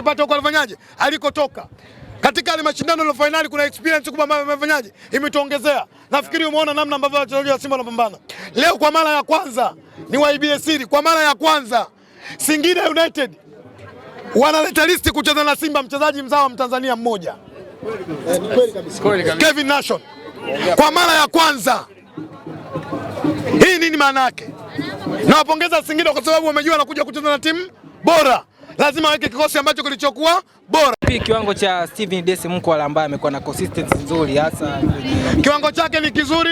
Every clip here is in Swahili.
tupate huko alifanyaje alikotoka katika ile mashindano ya finali kuna experience kubwa ambayo amefanyaje imetuongezea. Nafikiri umeona namna ambavyo wachezaji wa Simba wanapambana leo. Kwa mara ya kwanza ni waibie siri, kwa mara ya kwanza Singida United wanaleta list kucheza na Simba, mchezaji mzawa mtanzania mmoja Kevin Nation, kwa mara ya kwanza. Hii nini maana yake? Nawapongeza Singida kwa sababu wamejua wanakuja kucheza na timu bora lazima aweke kikosi ambacho kilichokuwa bora. Kiwango cha Steven Dese Mkwala ambaye amekuwa na consistency nzuri, hasa kiwango chake ni kizuri.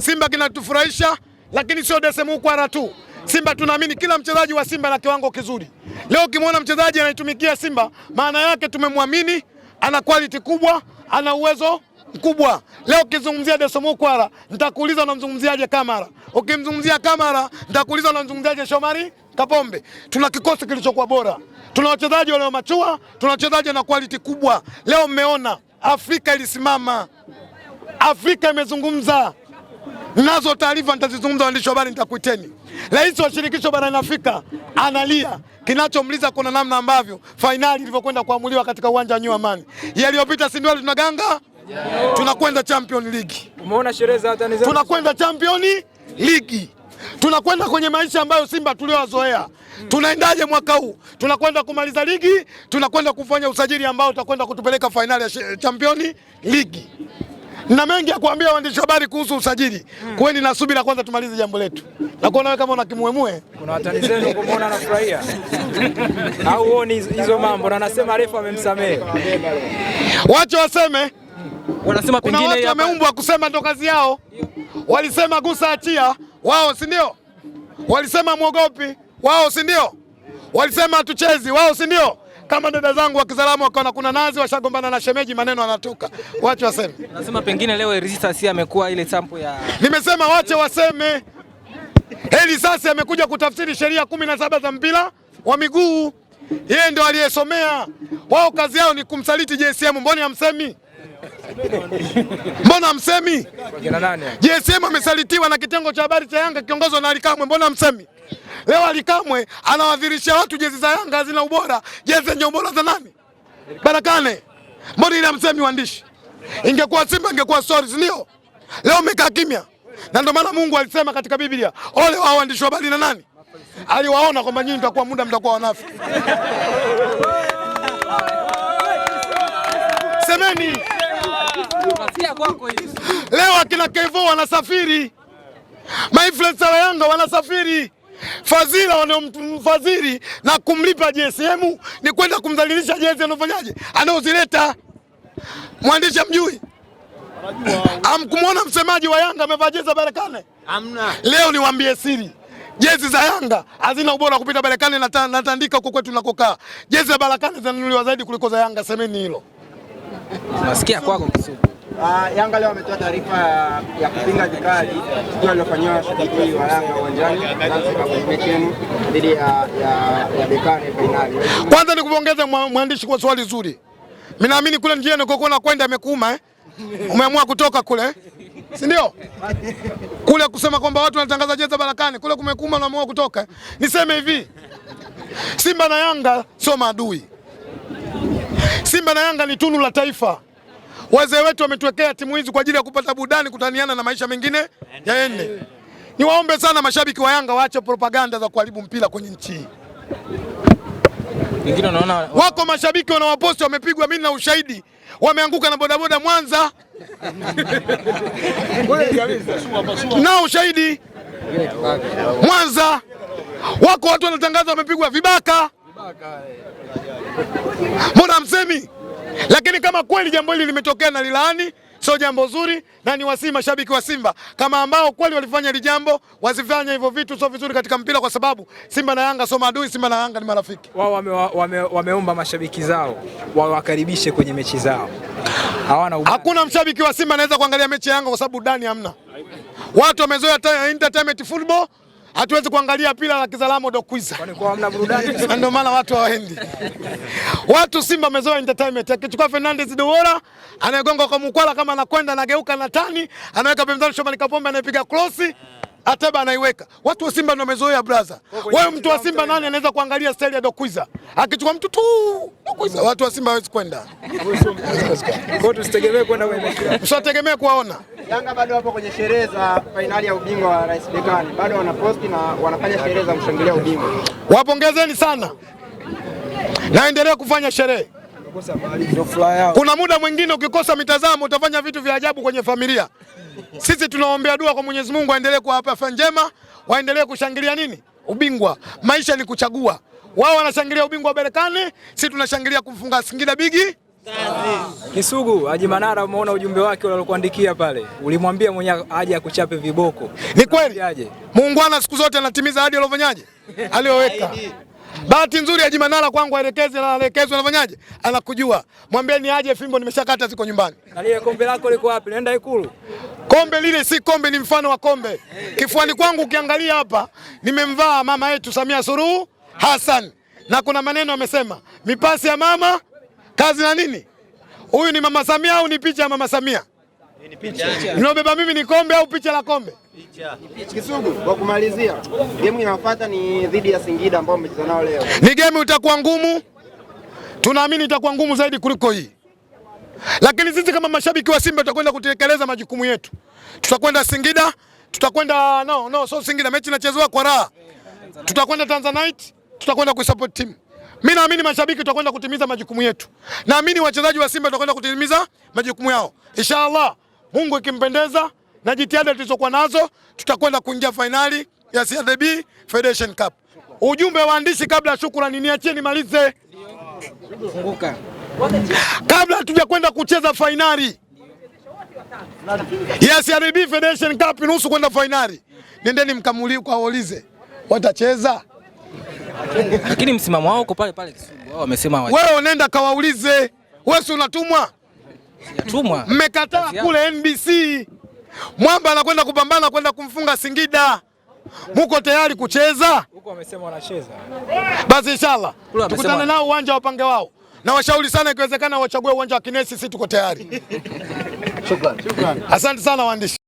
Simba kinatufurahisha, lakini sio Dese Mkwala tu. Simba tunaamini kila mchezaji wa Simba na kiwango kizuri. Leo ukimwona mchezaji anaitumikia Simba, maana yake tumemwamini, ana quality kubwa, ana uwezo mkubwa. Leo ukizungumzia Desmond Mukwala, nitakuuliza unamzungumziaje Kamara? Ukimzungumzia Kamara, nitakuuliza unamzungumziaje Shomari Kapombe? Tuna kikosi kilichokuwa bora. Tuna wachezaji walio machua, tuna wachezaji na quality kubwa. Leo mmeona Afrika ilisimama, Afrika imezungumza. Nazo taarifa nitazizungumza, waandishi wa habari, nitakuiteni. Rais wa shirikisho barani Afrika analia, kinachomliza kuna namna ambavyo fainali ilivyokwenda kuamuliwa katika uwanja wa New Amani. Yaliyopita si ndio tunaganga, tunakwenda Champions League, umeona sherehe za Tanzania, tunakwenda Champions League tunakwenda kwenye maisha ambayo Simba tuliowazoea. Mm. Tunaendaje mwaka huu? Tunakwenda kumaliza ligi, tunakwenda kufanya usajili ambao utakwenda kutupeleka fainali ya championi ligi na mengi ya kuambia waandishi habari kuhusu usajili hmm. Kweli na subira kwanza, tumalize jambo letu. kuona wewe kama una kuna watani zenu kumuona anafurahia au huoni hizo mambo, na anasema refu amemsamehe. Wacha waseme, wanasema pengine wameumbwa kusema, ndo kazi yao. Walisema gusa achia wao, si ndio? Walisema mwogopi wao, si ndio? Walisema hatuchezi wao, si ndio? Kama dada zangu wa Kizaramo wakaona kuna nazi, washagombana na shemeji, maneno anatoka, wache waseme. Nasema pengine leo Elisa si amekuwa ile sampo ya, nimesema wache waseme. Elisa si amekuja kutafsiri sheria kumi na saba za mpira wa miguu, yeye ndio aliyesomea. Wao kazi yao ni kumsaliti JSM, mbona hamsemi? mbona msemi? JSM amesalitiwa na kitengo cha habari cha Yanga kiongozwa na Alikamwe, mbona msemi? Leo Alikamwe anawadhirisha watu jezi za Yanga zina ubora, jezi zenye ubora za nani? Barakane, mbona ile msemi waandishi? Ingekuwa Simba ingekuwa stories, ndio leo umekaa kimya, na ndio maana Mungu alisema katika Biblia, ole wao waandishi wa habari na nani aliwaona kwamba nyinyi mtakuwa muda mtakuwa wanafiki. Semeni. Leo akina Kevo wanasafiri, mainfluencer wa Yanga wanasafiri fadhila wanaomfadhili na kumlipa JSM ni kwenda kumdhalilisha jezi anaofanyaje, anaozileta mwandishi amjui, amkumwona msemaji wa Yanga amevaa jezi za Berkane. Hamna. Leo niwaambie siri, jezi za Yanga hazina ubora kupita Berkane na Tandika huko kwetu nakokaa. Jezi za Berkane zinanunuliwa zaidi kuliko za Yanga, semeni hilo. Nasikia kwako Kisugu. Uh, Yanga leo ametoa taarifa ya kupinga vikali tukio lilofanywa shabiki wa Yanga uwanjani Zanzibar kwenye mechi yenu dhidi ya ya Berkane fainali. Kwanza nikupongeza mwandishi kwa swali zuri. Mimi naamini kule njia nikokuwa na kwenda amekuuma eh. Umeamua kutoka kule eh? si ndio? Kule kusema kwamba watu wanatangaza jeza barakani kule kumekuuma, unaamua kutoka. Eh? Niseme hivi, Simba na Yanga sio maadui. Simba na Yanga ni tunu la taifa. Wazee wetu wametuwekea timu hizi kwa ajili ya kupata burudani, kutaniana na maisha mengine yaende. Niwaombe sana mashabiki wa Yanga waache propaganda za kuharibu mpira kwenye nchi hii. wako mashabiki wanawaposti, wamepigwa, mimi na ushahidi, wameanguka na bodaboda Mwanza na ushahidi Mwanza, wako watu wanatangaza wamepigwa vibaka mbona msemi? Lakini kama kweli jambo hili limetokea na lilaani sio jambo zuri, na ni wasii mashabiki wa Simba kama ambao kweli walifanya hili jambo, wasifanya hivyo vitu, sio vizuri katika mpira, kwa sababu Simba na Yanga sio maadui, Simba na Yanga ni marafiki. Wao wameomba wame, wame mashabiki zao wawakaribishe kwenye mechi zao, hawana Hakuna mshabiki wa Simba anaweza kuangalia mechi ya Yanga kwa sababu dani hamna, watu wamezoea entertainment football hatuwezi kuangalia pila la Kizalamo do dokwiza, ndio maana watu hawaendi. Watu Simba wamezoea entertainment, akichukua Fernandez Dewora anayegonga kwa mkwala, kama anakwenda anageuka na tani anaweka pembezoni, Shomari Kapombe anayepiga krosi Ateba anaiweka. Watu wa Simba ndio wamezoea brother. Wewe mtu wa Simba nani anaweza kuangalia staili ya do Dokwiza? Akichukua mtu tu Dokwiza. Watu wa Simba hawezi kwenda. Msitegemee kuwaona Yanga bado wapo kwenye sherehe za fainali ya ubingwa wa Rais Bekani, bado wanaposti na wanafanya sherehe za kushangilia ubingwa. Wapongezeni sana, naendelea kufanya sherehe. Kuna muda mwingine ukikosa mitazamo utafanya vitu vya ajabu kwenye familia. Sisi tunaombea dua kwa Mwenyezi Mungu aendelee kuwapa afya njema, waendelee kushangilia nini ubingwa. Maisha ni kuchagua. Wao wanashangilia ubingwa wa berekani sisi tunashangilia kumfunga Singida Bigi Kisugu Haji Manara, umeona ujumbe wake uliokuandikia pale, ulimwambia mwenye aje akuchape viboko. Ni kweli muungwana siku zote anatimiza ahadi aliofanyaje, aliyoweka. Bahati nzuri Haji Manara kwangu aelekeze na aelekezwe, anafanyaje, anakujua. Mwambie ni aje, fimbo nimeshakata, ziko nyumbani. Nalie, kombe lako liko wapi? Naenda Ikulu. Kombe lile si kombe, ni mfano wa kombe kifuani kwangu. Ukiangalia hapa nimemvaa mama yetu Samia Suluhu Hassan, na kuna maneno amesema mipasi ya mama kazi na nini? Huyu ni mama Samia au ni picha ya mama Samia? Ninaobeba mimi ni kombe au picha la kombe? Kisugu, kwa kumalizia, game inayofuata ni dhidi ya Singida ambao umecheza nao leo. Ni game itakuwa ngumu, tunaamini itakuwa ngumu zaidi kuliko hii, lakini sisi kama mashabiki wa Simba tutakwenda kutekeleza majukumu yetu. Tutakwenda Singida, tutakwenda no, no, so Singida mechi inachezwa kwa raha, tutakwenda Tanzanite, tutakwenda kuisupport timu mimi naamini mashabiki tutakwenda kutimiza majukumu yetu. Naamini wachezaji wa Simba tutakwenda kutimiza majukumu yao. Inshallah, Mungu ikimpendeza na jitihada tulizokuwa nazo tutakwenda kuingia fainali ya CRDB Federation Cup. Ujumbe wa waandishi kabla ya shukrani, niachie nimalize. Kabla hatuja kwenda kucheza fainali ya CRDB Federation Cup, nusu kwenda fainali, nendeni mkamulie kwa waulize watacheza lakini msimamo wao uko pale pale Kisugu. Wao wamesema wewe unaenda kawaulize, wewe si unatumwa? Sijatumwa. Mmekataa kule NBC. Mwamba anakwenda kupambana kwenda kumfunga Singida. Muko tayari kucheza? Huko wamesema wanacheza. Basi inshallah tukutane nao uwanja wa Pange wao na washauri sana, ikiwezekana wachague uwanja wa Kinesi, sisi tuko tayari. Shukrani. Asante sana waandishi.